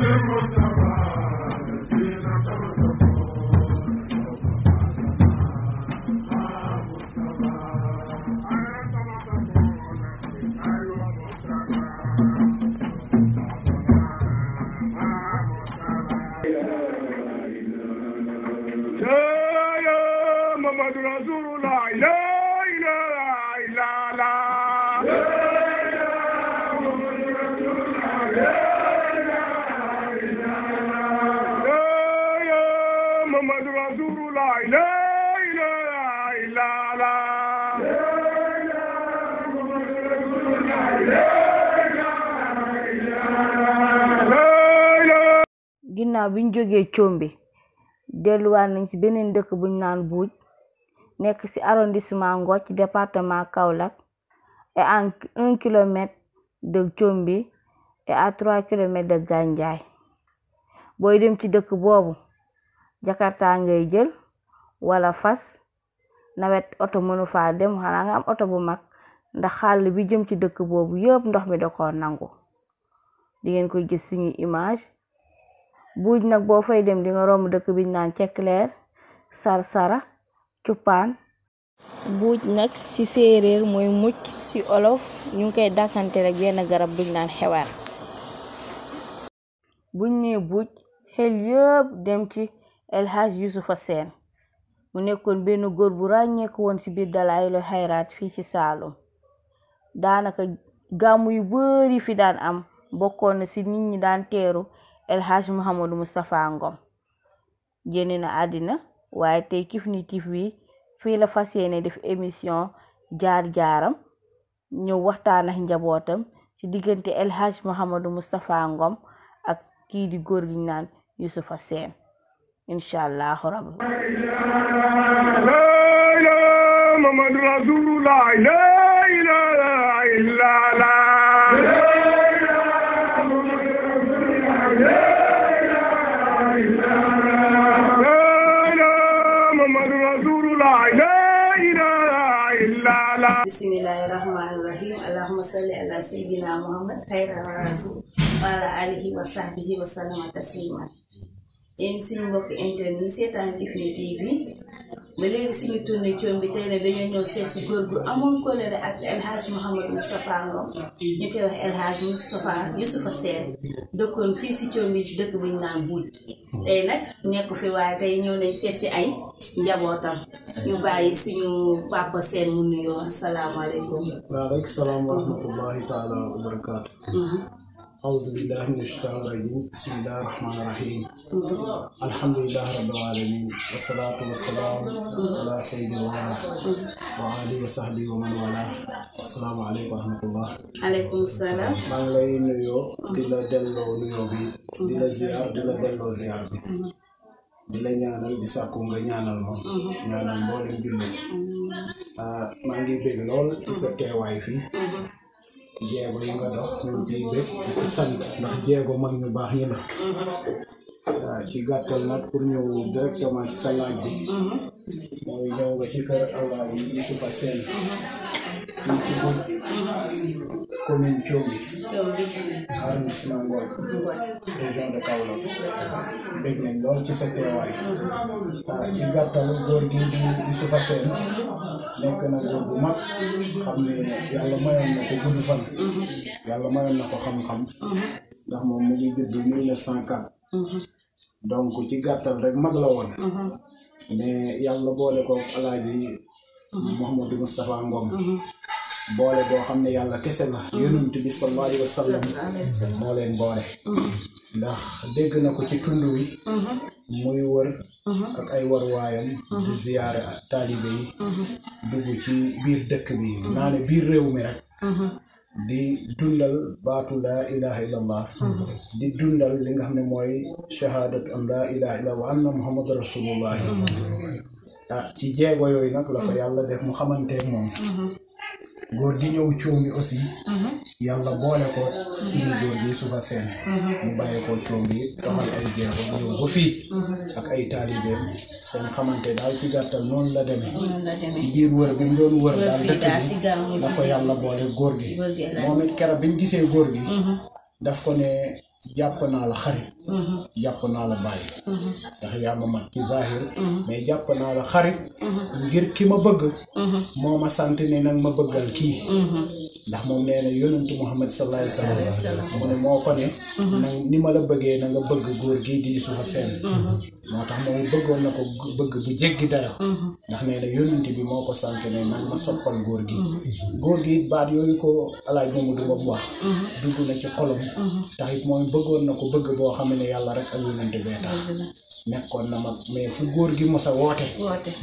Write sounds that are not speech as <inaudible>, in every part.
Hallelujah. ginnaaw bi ñu jógee Combe delluwaat nañ ci beneen dëkk buñ naan Buuj nekk ci arrondissement Ngothie ci département Kaolack et à un kilomètre de Combe et trois kilomètres de Gandiaye booy dem ci dëkk boobu Jakarta ngay jël wala fas nawet oto mënu fa dem xanaa nga am oto bu mag ndax xàll bi jëm ci dëkk boobu yëpp ndox mi da ko nangu di koy gis image buuj nag boo fay dem di nga romb dëkk biñ naan cekleer sarsara cuppaan buuj nag ci séeréer mooy mucc ci olof ñu ngi koy dàkkante rek benn garab buñ naan xewaar buñ né buuj xel yëpp dem ci El Hadj Yusufa Seen mu nekkoon benn góor bu ràññeeku woon ci biir Dalaa'ilul Xayraat fii ci Saalum daanaka gàmmu yu bari fi daan am bokkoon na ci nit ñi daan teeru El Hadj Mouhamadou Ngom génn na àddina waaye tey Kifne TV fii la fas yéene def émission jaar-jaaram ñëw waxtaan ak njabootam ci diggante El Hadj Mouhamadou Ngom ak kii di góor gi naan Youssoufa Sène incha rabbi بسم الله الرحمن الرحيم اللهم صل على سيدنا محمد خير الرسول وعلى اله وصحبه وسلم تسليما ان سيمبوك انترنيسيا تانكي في تي في ba léegi suñu tournée coom bi tey ne dañoo ñëw seet si góor gu amoon kóllëre ak El Hadj Mouhamadou Moustapha ñu koy wax Seen dëkkoon fii si coom dëkk bu ñu naan buut tey nag nekku fi waaye tey ñëw nañ seet si ay njabootam ñu bàyyi suñu papa Seen mu nuyoo asalaamaaleykum waaleykum salaam wa rahmatullahi taala wa barakaatu mhm. auzu billahi min ashaytaani rajim bismillahi rahmaani rahim alhamdulillah rabbil alamin wassalatu wassalamu ala sayyidina wa alihi wa sahbihi wa man wala assalamu alaykum warahmatullah alaykum salam maa ngi lay nuyoo di la bi di la ziar di la ziar bi di la ñaanal di sàkku nga ñaanal ma ñaanal mboolem jullit ah, maa ngi bég lool ci sa teewaay fii jeego yi nga dox ñu ngi ciy bég di sant ndax ki gàttal nag pour ñëw directement ci sa laaj bi mooy ñëw nga ci kër Awlaay Yusufa Seen fii ci bug commune Thiobi arrondissement Ngor région de Kaolack dégg nañ lool di Yusufa Seen nekk na góor bu mag xam ne na ko gudd fan na donc ci gàttal rek mag la woon. Mhm. mais yàlla boole ko alaaji Mouhamadou Moustapha Ngom. Mhm. boole boo xam ne yàlla kese la. Mhm. yonent bi sallallahu alayhi wa moo leen boole. ndax dégg na ko ci tund wi. muy wër. ak ay warwaayam. di ziyaare ak dugg ci biir dëkk bi. naa biir réew mi rek. di dundal baatu laa ilaha illallah mm-hmm. di dundal li nga xam ne mooy shahadatu am laa ilaha illallah wa anna muhammadu rasulullah mm-hmm. ah ci jeego yooyu nag la ko mm-hmm. yàlla def mu xamanteek moom góor gi ñëw coomi aussi. Mhm. yàlla boole ko mhm. suñu góor gi suba seen. Mhm. mu bàyyi ko coomi doxal ay jéego ñëw ba fii. ak ay taalibeem seen xamante daal ci gàttal noonu la demee. ci biir wër bi mu doon wër daal dëkk bi la ko yàlla boole góor gi. moom it keroog bi ñu gisee góor gi. daf ko ne jàpp naa la xarit. Mm-hmm. jàpp naa la bàyyi mm-hmm. ndax yaa ma mat ci zahir mm-hmm. mais jàpp naa la xarit ngir ki ma bëgg moo ma sant ne nag ma bëggal kii ndax moom nee na yonentu Muhammad sallallahu alayhi wa ni ma la bëggee na nga bëgg góor gii di Yuusufa Seen moo tax moom na ko bëgg bu jéggi dara ndax moo ko sant ne góor gi gi it baat tax moom bëggoon na ko bëgg boo xam ne ne yàlla rek ak yonent bee tax nekkoon na mag mais fu góor gi mos a woote.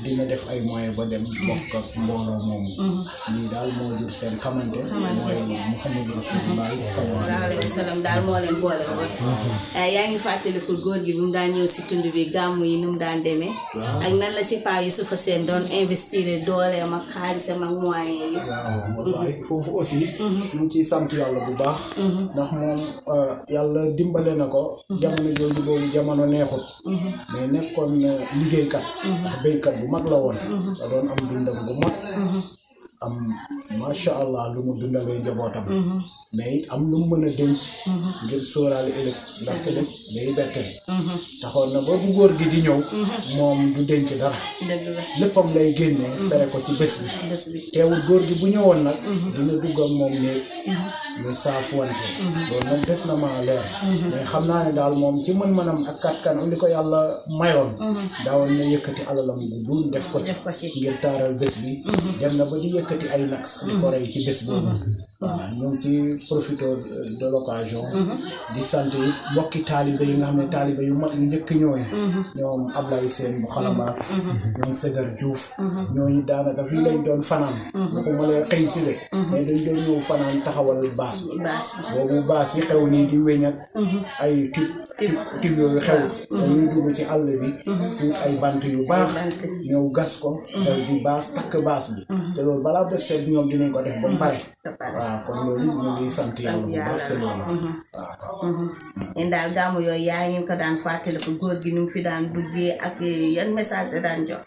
dina def ay moyens ba dem. Mm-hmm. bokk ak mbooloo moomu. Mm-hmm. lii daal moo jur seen xamante. mooy Muhammadu Rasulullah sallallahu moo leen boole woon. Mm-hmm. Eh, yaa ngi fàttaliku góor gi mu daan ñëw si tund bi gàmmu yi nu mu daan demee. ak nan la si Pa Youssoufa Sène doon investir dooleem ak xaalisam ak moyens foofu aussi. ñu ngi sant yàlla bu baax. ndax moom euh, yàlla dimbale na ko. jamono jooju boobu jamono neexut. mais nekkoon liggéeykat. ndax mhm. béykat bu mag la woon. da mhm. doon am dundam bu mag. Mhm. am macha allah lu mu dundalee njabootam. Mhm. mais am lu mu mën a denc. Mhm. ngir sóoraale ëllëg ndaxte lépp day bette. Mhm. taxoon na boobu góor gi di ñëw. moom du denc dara. léppam lay génne. fere ko ci bés bi. teewul góor gi bu ñëwoon nag. dina dugg ak moom ne. ñu saafuwante. loolu nag des na maa leer. mais xam naa ne daal moom ci mën-mënam ak kattanam li ko yàlla mayoon. daawoon na yëkkati alalam bu duun def ko ci. ngir taaral bés bi. dem na ba di yëkkati. yëkkati ay nag di ko rey ci bés boobu mhm. ci profité de mhm. di sant yi mbokki yi nga xam ne taalibe yu yu njëkk ñooñu mhm. ñoom Ablaye Sène bu Xalabaas ñoom Sédar ñooñu daanaka fii doon fanaan ko ma dañ doon ñëw fanaan taxawal baas boobu baas yi xew nii di weñ ak ay tub tub yooyu xew dañuy dugg ci àll bi ay bant yu baax ñëw gas ko di baas takk baas bi te loolu balaa bët seet ñoom dinañ bu baax ci loolu. waaw daal gàmmu yooyu yaa ngi daan fàttaliku góor gi nu mu fi daan duggee ak yan message daan jox.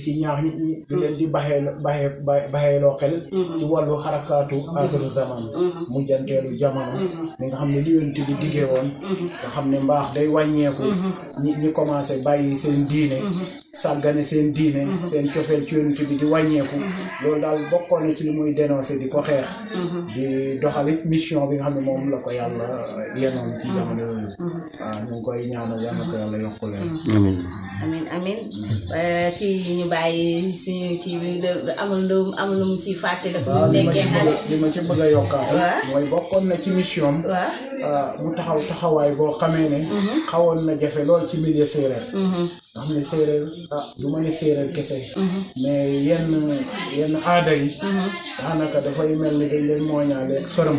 di ci ñaax nit ñi di mm-hmm. leen di baxee baxee loo xel mm-hmm. ci wàllu xarakaatu mm-hmm. axiru zaman mu janteelu jamono mi nga xam ne li yonent bi diggee woon nga xam ne mbaax day wàññeeku ñi ñi commencé bàyyi seen diine sàggane seen diine seen cofeel ci yonent bi di wàññeeku loolu daal bokkoon ci li muy dénoncé di ko xeex di doxalit mission bi nga xam ne moom la ko yàlla yenoon ci jamono yooyu waaw ñu ngi koy ñaanal yàlla ko yàlla yokku leen amin amin eh, kii ñu bàyyi suñu kii bi amul lu amul lu mu si fàtte dafa ñu nekkee xale li ma ci bëgg a mooy bokkoon na ci mission ah, mu taxaw taxawaay boo xamee ne mhm. xawoon na jafe lool ci milieu séeréer nga xam mhm. ne séeréer ah du ma ne séeréer kese mhm. mais yenn yenn aada yi daanaka dafay mel ni leen mooñaale xërëm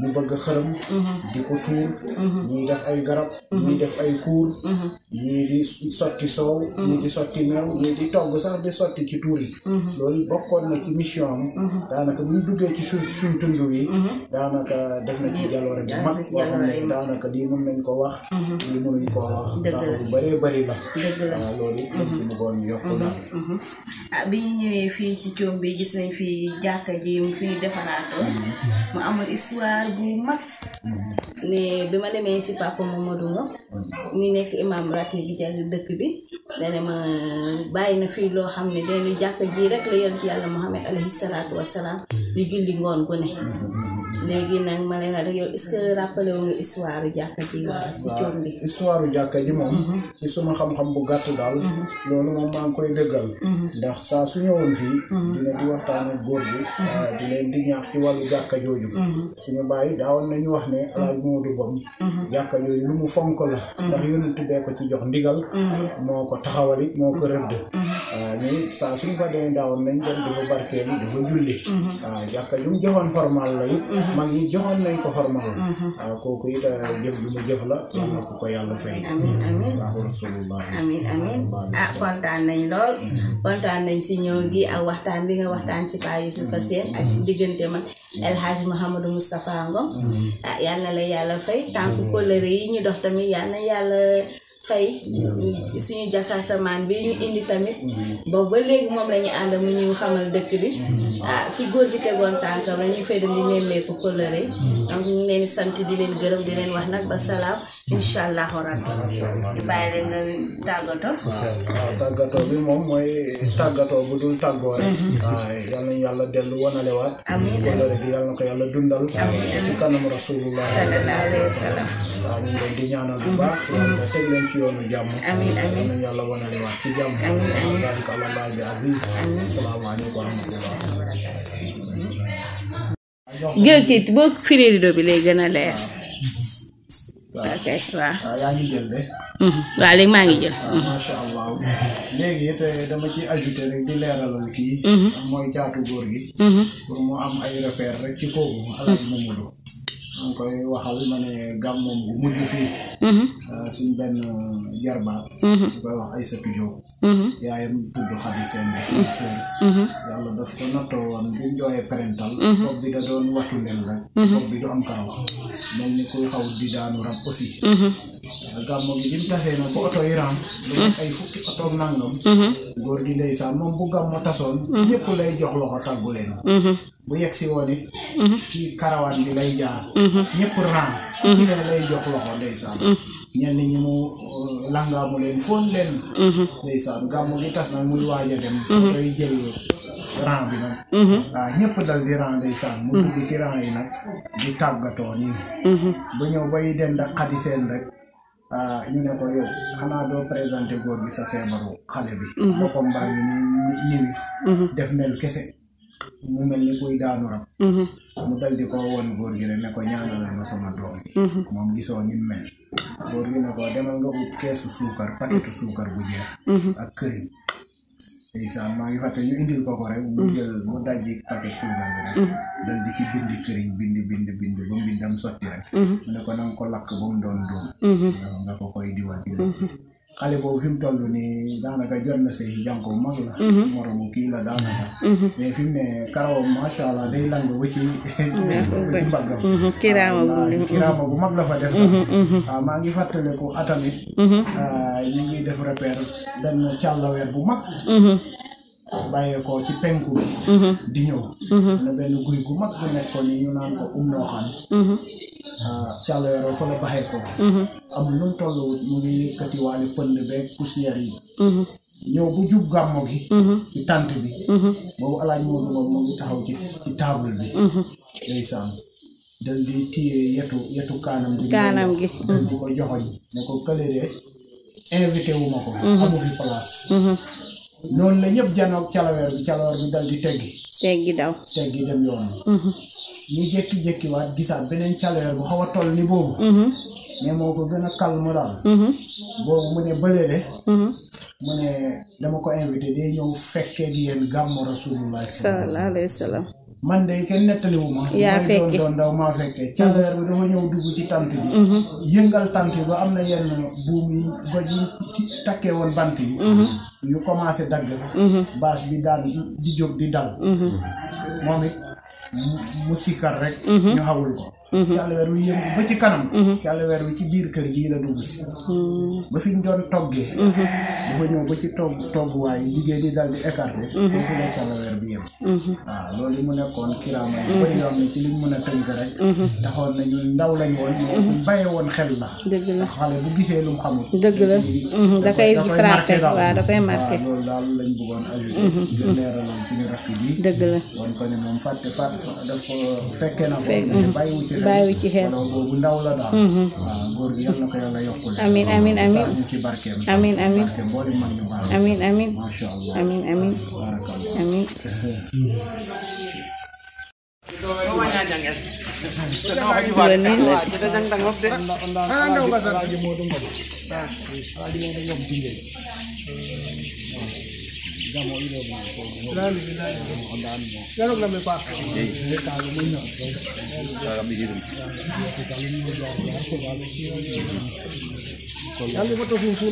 ñu bëgg xërëm mhm. di ko tuur mhm. ñuy def ay garab mhm. ñuy def ay kuur ñii di sotti soow ñii di sotti meew ñii di togg sax di sotti ci tuur yi loolu bokkoon na ci mission am daanaka muy duggee def na ci jaloore bu mag wax lii ah, bi ñu ñëwee fii ci coom gis nañ fi jàkka ji mu fi defaraatoo mu amoon histoire Bima, mais bi ma demee si papa Mamadou Ngom mi nekk imam ratib bi jàng dëkk bi dana ma bàyyi na fii loo xam ne dañu jàkk ji rek la yonent yàlla Muhammad alayhi salaatu wasalaam di julli ngoon gu ne léegi nag ma ne la rek yow est-ce que rappelé wu nga histoire jàkka ji wala si coom bi histoire jàkka ji moom mhm. ci suma xam-xam bu gàtt daal mhm. loolu moom maa ngi koy dëggal mhm. ndax saa su ñëwoon fii dina di waxtaan ak góor bi di leen di ñaax ci wàllu jàkka jooju suñu bàyyi daawoon nañu wax ne mm-hmm. alaaj Moodu Bom mm-hmm. jàkka yooyu lu mu fonk la mm-hmm. ndax yonent bee ko ci jox ndigal moo ko taxawali moo ko rëdd waaw ñu saa suñ fa dee daawoon nañ dem dafa barkeel dafa julli waaw jàkka yu mu joxoon formal la it mag ñi joxoon nañ ko formal waaw kooku it ah, jëf lu mu jëf la yàlla ko ko yàlla fay waaw rasulullah amin amin ah kontaan nañ lool kontaan nañ si ñëw gi ak waxtaan bi nga waxtaan si Paa Yusufa Seen ak diggante ma Mm-hmm. El Hadj Mouhamadou Moustapha Ngom mm-hmm. ah yàlla la yàlla fay tànk mm-hmm. kóllëre yi ñu dox tamit na yàlla fay iya, suñu man bi ñu indi tamit boobu ba légui mom lañu and mu ñu xamal dëkk bi mmh. ah ci goor bi tegoon tànkam la ñu fay dem di ko kolëre mmh. donc ñu leen sant di leen gërëm di leen wax nak ba salam mmh. inshallah allahu rabbi leen na tagato tagato bi mom moy tagato bu dul ay rek ah, yalla delu wonale wat amin kolëre bi yal na ko yàlla dundal ci kanam rasulullah sallallahu alayhi wasallam ñu leen di ñaanal bu baax leen ci yoonu jàmm amiin amiin boo firee rido bi lay gën a leer ah. ok ah, mhm. waaw léegi maa ngi jël ah, léegi dama ci ajouté rek di leeralal kii mhm. mooy jaatu góor gi mhm. pour mu am ay repère rek ci kooku alaaj Mamadou mu ngi koy waxal ma ne gàmmoom bu mujj fii. suñ benn jarbaat. di koy ya, mhm. eh, eh, mhm. wax yaayam tudd xadi seen seen sœur yàlla daf ko nattoo woon parental bopp bi da doon watu len rek bopp bi du am karaw mel ni kuy xaw di daanu lu ay fukki oto nangam góor gi ndeysaan moom bu gàmmo tasoon ñëpp lay jox si woon it ci karawaan bi lay ñenn ñi mu euh, langaamu leen foon leen. Mhm. ndeysaan gàmmu gi tas na mu waaj a dem. koy mhm. jël rang bi nag. Mhm. ñëpp dal di rang ndeysaan. mu dugg ci rang yi nag di tàggatoo nii. ba ñëw bay dem da xadi seen rek. Ah, ñu ne ko yow xanaa doo présenté góor bi sa feebaru xale bi. boppam baa ngi nii def mel kese. mu mel ni kuy daanu am mm-hmm. mu dal di ko góor gi ne ko ñaanalal ma sama doom mm-hmm. moom gisoo ni mel góor gi ne ko demal nga ut keesu mm-hmm. suukar bu jeex ak këriñ ndeysaan maa ngi fàtte ñu indil ko ko rek mu jël mu suukar bi ki bindi këriñ bindi bindi bind ba mbindam sotti rek mu ne ko nanga ko lakk ba mu doom nga ko koy diwal xale boobu fi mu toll nii daanaka jot na say jànko mag la. Mhm. moromu kii la daanaka. Mhm. mais fi mu ne karawam macha allah day lang ba ci. ba <laughs> ci mhm. bu mag kiraama bu mag la fa def. waaw ah, maa ngi fàttaliku atamit. Ah, ñu ngi def repère benn mag. bàyyeekoo ci penku bi. Mm-hmm. di ñëw. Mm-hmm. am na benn guy gu mag bu nekkoon ni ñu naan ko um noo xam. càllo yoroo fa la baxee ko. Mm-hmm. am lu mu mu ngi yëkkatiwaale pënd beeg poussière yi. ñëw bu jub gàmmo gi. ci tant bi. boobu alaaj mu ngi taxaw ci di téye yetu yetu kaanam gi. kaanam gi dal di ko joxoñ ne ko kële de invité ko. amu fi place. noonu la ñëpp janoog calaweer bi calaweer bi dal di teggi teggi daw teggi dem yoon mhm. ñu jékki-jékki waat gisaat beneen calaweer bu xaw a toll ni boobu mais mhm. moo ko gën a calme daal mhm. boobu mu ne bëleele mu ne dama ko invité day ñëw fekkee di yéen gàmmu rasulullah sallallahu alayhi wa sallam man de kenn nettaliwu ma. yaa fekke doon ndaw maa ñëw dugg ci tant bi. Mhm. yëngal tant bi am na yenn buum yi goj yi takkee woon bant yi. Mhm. yu commencé dagg sax. Mhm. bi daal di jóg di dal. moom it mu sikkar rek. ñu xawul ko. Mm-hmm. càll weer wi yëngu ba ci kanam mm-hmm. càll weer wi ci biir kër gii la dugg si mm-hmm. ba fi ñu doon toggee dafa ñëw ba ci togg togguwaay yi jigéen ñi daal di a tënk rek taxoon nañu ndaw woon ñu bàyyi woon xel la dëgg la xale bu gisee lu mu xamul dëgg la da koy frappé waaw da koy marqué loolu daal lañ bëggoon ajouté gën leeraloon suñu rakk ji dëgg la woon ko ne moom fàtte bàyyi ci xel Amin, amin amin amin amin amin amin amin amin amin amin Sila nila. Kita jang tangop deh. Ano ba sa? Ano ba sa? Damo ilo na ako. Lalo na ang kandaan mo. Lalo na may pak. Hindi talo mo na. Kami dito. Kami dito. Kami dito. Kami dito. Kami dito. kon yàlla ma toog ñun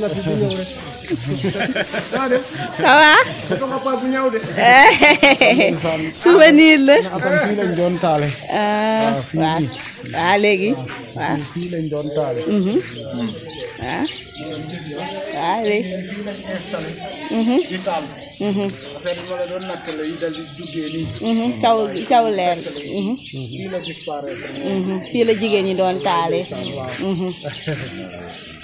lañ doon taale. waaw léegi waaw. fii lañ caw caw leer. fii la jigéen ñi doon taale.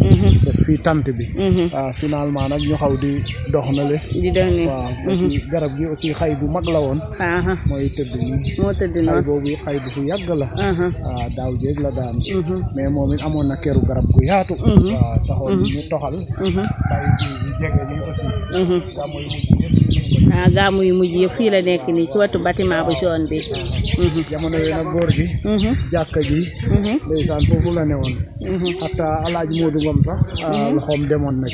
Mm-hmm. def fii bi waaw mm-hmm. ah, finalement nag ñu xaw di dox na le mm-hmm. garab gi aussi xay bu mag la woon uh-huh. mooy tëdd nii xay boobu xay bu fu yàgg la waaw uh-huh. ah, daaw jéeg la daan mais moom it amoon na këru garab gu yaatu waaw ah, taxoon ñu ji jege nii gàmmu yu mujj yëpp fii la nekk nii ci wetu bâtiment bu jaune bi. Mhm. jamono yooyu nag góor gi. Mhm. jàkka ji. Mhm. ndeysaan foofu ah, demoon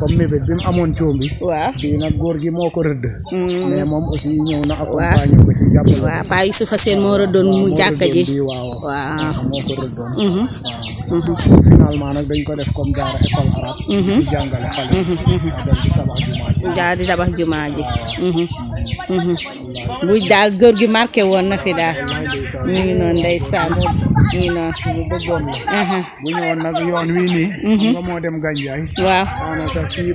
comme mébét bi amoon coombi. waaw bii nag góor gi moo ko rëdd. mais moom aussi ñëw na accompagné ko ci jàppale. waaw Paa Youssoufa Sène moo rëddoon mu jàkka ji. waaw moo ko rëddoon. finalement daal di tabax jumaa ji bu mhm. mhm. daal góor gi marqué woon na fi daal mu ngi noonu ndeysaan ñu naan suba ba uh-huh. mm-hmm. moo dem Gandiaye. waaw daanaka fii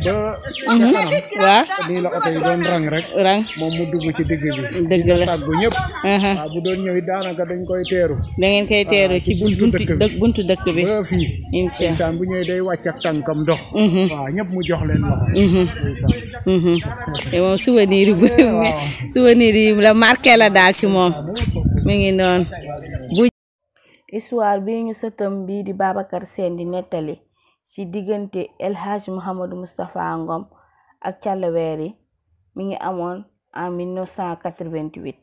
ba. Mm-hmm. ca la oto yi doon rang rek. rang mu dugg ci digg bi. dëgg la tàggu ñëpp. Uh-huh. waaw bu doon daanaka dañ koy teeru. da ngeen koy teeru ci buntu dëkk buntu dëkk bi. ba fii. incha allah bu ñëwee day wàcc ak tànkam dox. Mm-hmm. waaw ñëpp mu jox leen la marqué ci moom mi ngi noonu. histoire bi ñu sëtam bi di Babacar seen di nettali ci diggante El Hadj Mouhamadou Moustapha ak Càllaweer yi mi ngi amoon en 1988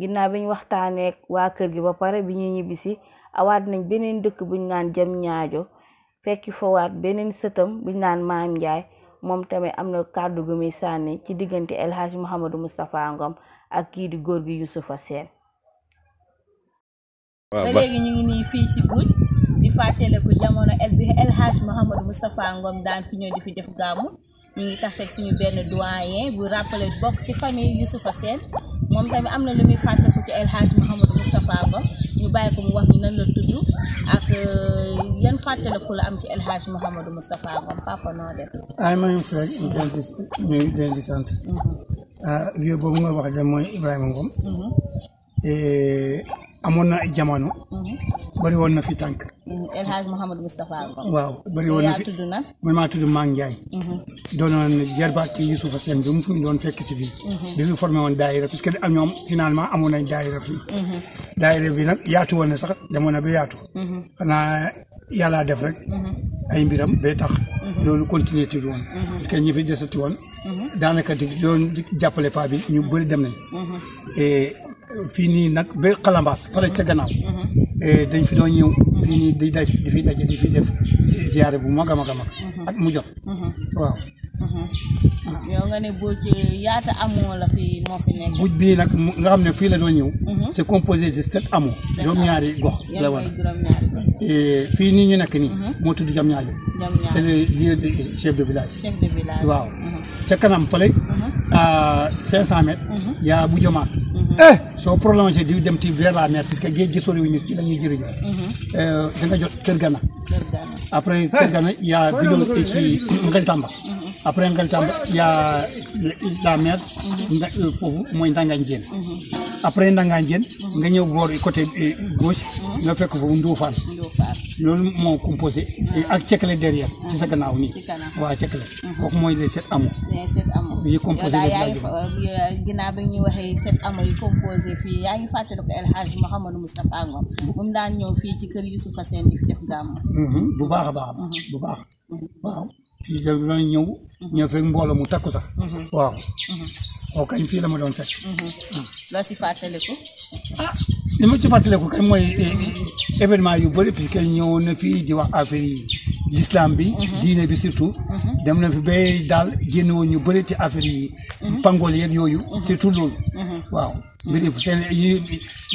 ginnaaw bi waxtaanee waa kër gi ba pare bi ñuy ñibbisi awaat nañ beneen dëkk bu naan jëm ñaajo fekki fawaat beneen sëtam bu naan maam Njaay moom tamit am na kàddu gu muy sànni ci diggante El Hadj Mouhamadou Moustapha ak kii di góor gi Youssoufa Sène ba léegi ñu ngi nii fii si Buuj di fàttaliku jamono el bi El Hadj Mouhamadou Moustapha daan fi ñëw di fi def gàmmu ñu ngi taseeg suñu benn doyen bu rappelé bokk ci famille Youssoufa Sène moom tamit am na lu muy fàttaliku ci El la tudd euh, la am ci El Hadj Mouhamadou Moustapha Ngom def. Ah, ay ma ñu fi mm-hmm. ah, boobu nga wax de mooy Ibrahima Ngom. Mm-hmm. amoon na ay jamono. Mhm. bëri woon na fi tànk. Mhm. El waaw bëri woon na fi man maa tudd Mang Ndiaye. Mhm. doonoon jarbaat ci Youssoufa Sène bi mu fi doon fekk si fii. bi ñu formé woon daayira parce que am ñoom finalement amoon nañ daayira fii. daayira bi nag yaatu woon na sax demoon na ba yaatu. xanaa yàllaa def rek. ay mbiram bee tax. loolu continuer ti woon. parce que ñi desati woon. daanaka di doon jàppale paa bi ñu bëri dem nañ. fii nii nag ba xalambaas fële ca gannaaw mm-hmm. eh, dañ fi do ñew fini di daj di fi daje di fi def ziaré bu mag a mag a mag mm-hmm. at mu jot mm-hmm. waaw yow nga ne ci yaata amo la fi mo fi nekk buuj bi nak nga xam fi la do ñew c'est composé de sept amo juróom-ñaari gox la euh fi ni ñu nak ni mo tuddu tudd Diamniadio c'est le lieu de chef de village chef de village waaw ca kanam fële à cinq cent mètres yaa bu jomaat Eh! Eh! soo prolongé di dem ci vers la mer puisque géej gi soriwuñu ci la ñuy jëriñoo. Mm-hmm. Eh, da nga jot Kër Gana. après Kër Gana y' a Bilo ci Ngeltamba. après Ngeltamba y' a la mer. Mm-hmm. nga euh, foofu mooy Ndanganjeen. Mm-hmm. après Ndanganjeen nga ñëw boor côté euh, gauche nga fekk foofu Ndoufane. loolu moo composé ak cekle derrière ci sa gannaaw nii waaw cekle mhm. kooku mooy les sept hameaux yi composé ginnaaw bi ñu waxee sept hameaux yi composé fii yaa ngi fàttali ko El Hadj Mouhamadou mhm, bu baax a baax mhm. bu baax waaw fii da doon ñëw ñëw fekk mbooloo mu takku sax waaw waaw kañ fii la ma doon fekk loo si fàttaliku ah li ma ci fàttaliku kañ mooy eh, eh, événement yu bëri puisque ñëwoon na fii di wax affaire yi l'islam bi mhm. diine bi surtout mhm. dem na fi bay daal génn woon ñu bëri ci affaire yi mhm. pangool yeeg yooyu surtout loolu waaw mbiri seen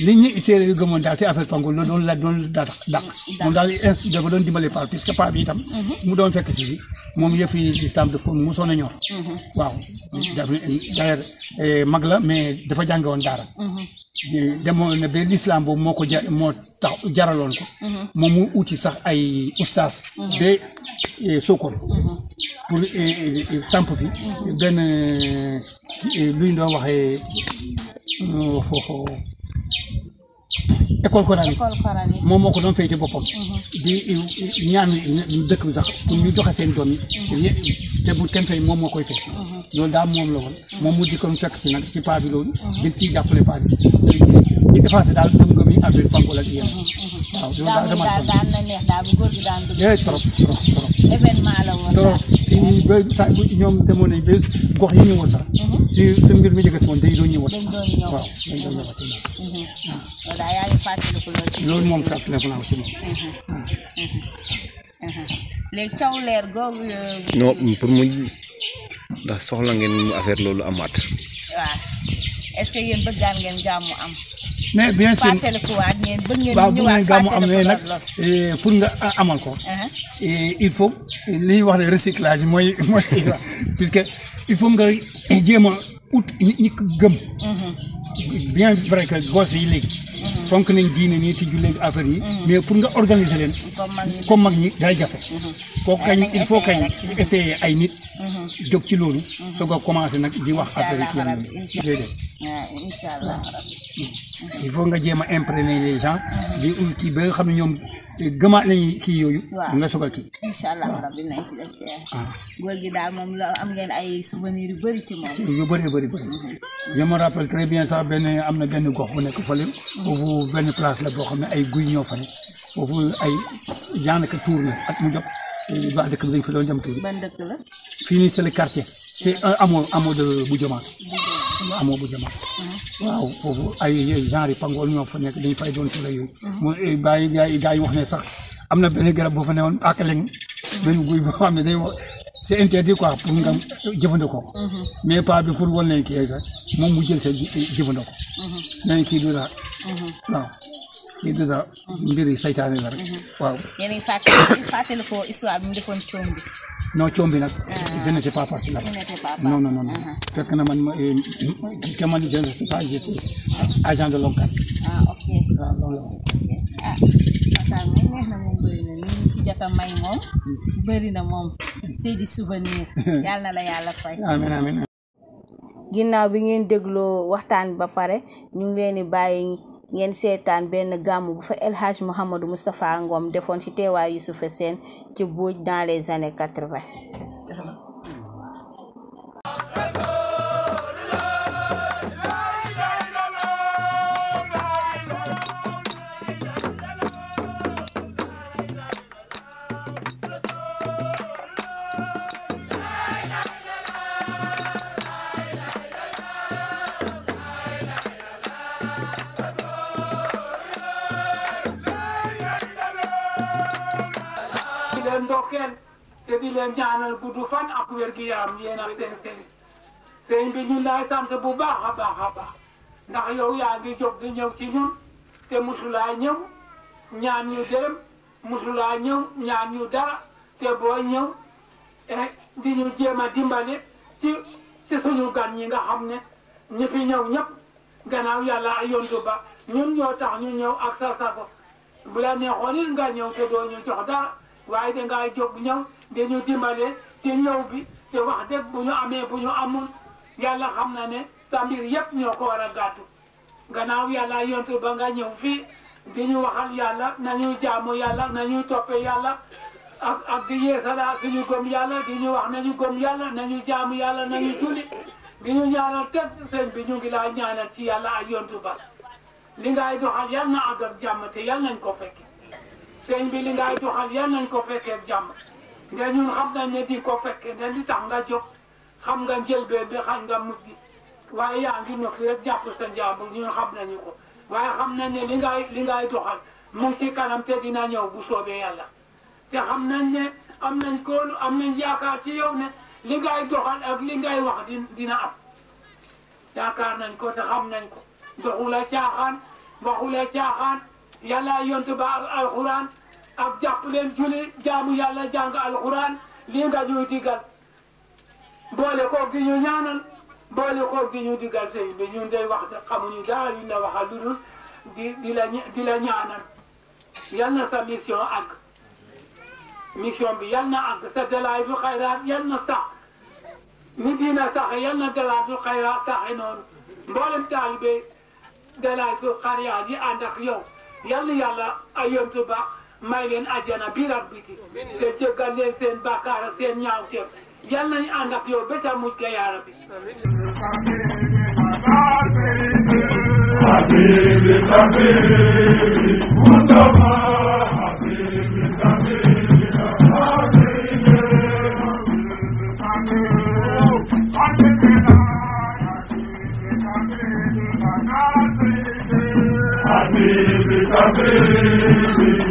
li ñu séeréer yu gëmoon daal ci affaire pangool loolu doon la doon daq daq moom daal dafa doon dimbale par puisque pa bi itam mu doon fekk si bi moom yëf yi lislaam daf ko mosoon a ñor. Mhm. waaw d'ailleurs eh, mag la mais dafa jànge woon daara. Mhm. demoon na ba lislaam boobu moo ko ja moo jaraloon mhm. moom mu uti sax ay ustaas. ba eh, Sokone. pour eh, samp fi benn luñ doon waxee oh, oh, oh. école coranique moom moo ko doon fay ci boppam. ñaami dëkk bi sax pour ñu doxe seen doom yi te bu kenn fay moom moo koy fay loolu daal moom la woon moom mu dikkoon fekk si nag si paa bi loolu gën ciy jàppale paa bi di défensé daal gëm-gëm yi affaire Pampal ak yéen waaw loolu na neex daal bu góor gi daan dugg eh, trop trop trop ñoom demoon nañ ba gox yi ñëwoon sax mhm. si sa mbir mi jëkkës moom dañ doon ñëwoon waaw daal yaa ngi fàttaliku loolu. moom fàttaliku naa ko ci moom. léegi euh, soxla ngeen affaire loolu amaat. waaw est-ce que yéen bëggaan ngeen gàmmu nga amal uh-huh. il faut wax ne recyclage mooy <laughs> il faut nga jéem ut ñi ko uh-huh. bien vrai gos yi léegi. fonk nañ diine nii ci julleeg affaire yi. Mm. mais pour nga organiser leen. comme mag ñi day jafe. Mm-hmm. kooku kañ il faut kañ essayer ay nit. Mm-hmm. jog ci loolu. Mm-hmm. soog a commencé nag di wax affaire yi ci loolu. incha allah il faut nga jéem a imprégner les gens. di kii ba xam ne ñoom. gëmaat nañu kii yooyu. nga soog a kii. incha allah rabbi nañ si def ah. góor daal moom la am ngeen ay souvenirs yu bëri ci moom. yu bëri bëri bëri. je me rappelle très bien sax benn am na benn gox bu nekk fële. foofu benn place la boo xam ne ay guy ñoo fa ne foofu ay daanaka tuur na ak mu jot. ba dëkk bi dañ fa doon dem tuur. la. fii nii c'est le quartier. c'est un euh, hameau hameau de amoo bu jama ah. waaw foofu ay genre pangool ñoo fa nekk dañ fay doon tula yooyu ah. mooy bàyyi eh, wax ne sax am na benn garab boo fa newoon akaleng ah. benn guy boo xam ne day wax c'est interdit quoi pour nga jëfandikoo ko uh-huh. mais pas bi pour wan nañ kii moom mu jël sa jëfandikoo uh-huh. nañ kii du daal uh-huh. waaw lii dina a saytaane la rek. Mhm. waaw yéen a ngi fàttali fàttali histoire bi mu defoon coom bi. non nag. Ah. Ah. fekk na man ma euh, man je n'étais pas de l'ONCAV. Ah, la. ah Matar moom na moom bëri na li ñu si jot a may na moom. <laughs> ginnaaw bi ngeen dégloo waxtaan ba pare ñu ngi leen ngeen seetaan benn gàmm bu fa El Hadj Mouhamadou Ngom defoon ci teewaayu Youssoupha Sène ci buuj dans les années 80 leen ñaanal gudd fan ak wér gi yaram yéen ak seen sëriñ sëriñ bi ñun lay sant bu baax a baax a baax ndax yow yaa ngi jóg di ñëw ci ñun te musulaa ñëw ñaan ñu dërëm musulaa ñëw ñaan ñu dara te boo ñëw eh, di ñu jéem dimbali ci ci suñu gan ñi nga xam ne ñi fi ñëw ñëpp gannaaw yàlla ay yontu ba ñun ñoo tax ñu ñëw ak sa sago bu la neexoon nga ñëw te doo ñu jox dara waaye dangaa jóg ñëw dañu dimbale ci ñëw bi te wax dëgg bu ñu amee bu ñu amul yàlla xam na ne sa mbir yëpp ñoo ko wara a gàttu gannaaw yàlla yontu ba nga ñëw fii di ñu waxal yàlla nañu jaamu yàlla nañu toppe yàlla ak ak di yeesala suñu ñu wax nañu gëm yàlla nañu jaamu yàlla nañu julli di ñu ñaanal teg seen bi ñu ngi laa ñaanal ci yàlla ak yont ba li ngay doxal yal na àgg ak jàmm te yal nañ ko fekke seen bi li ngay doxal yal nañ ko fekkee jàmm nga ñun xam nañ ne di ko fekke ne li tax nga jóg xam nga njëlbeen bi xam nga mujj gi waaye yaa ngi nokki jàpp sa njàmbur ñun xam nañu ko waaye xam nañ ne li ngay li doxal mu si kanam te dina ñëw bu soobee yàlla te xam nañ ne am nañ koolu am nañ yaakaar ci yow ne li ngay doxal ak li ngay wax di dina am yaakaar nañ ko te xam nañ ko doxula caaxaan waxula caaxaan yàlla yont ba alxuraan ak jàpp leen julli jaamu yàlla jàng alxuraan lii nga ñuy digal boole koog gi ñu ñaanal boole koog gi ñu digal tey bi ñun day wax xamuñu daal ñu ne waxal lu dul di di la di la ñaanal yal na sa mission àgg mission bi yal na àgg sa dalaay du xayraat yal na sax mi diina sax yal na dalaay du xayraat saxe noonu mboolem taalibe dalaay du xayraat yi ànd ak yow yal na yàlla ay yomtu baax may leen àjjana bi rabbiti te jéggal leen seen bàkkaar ak seen ñaawteef yal nañu ànd ak yow ba ca mujj ga yaa rabbi حبيبي حبيبي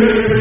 Thank you.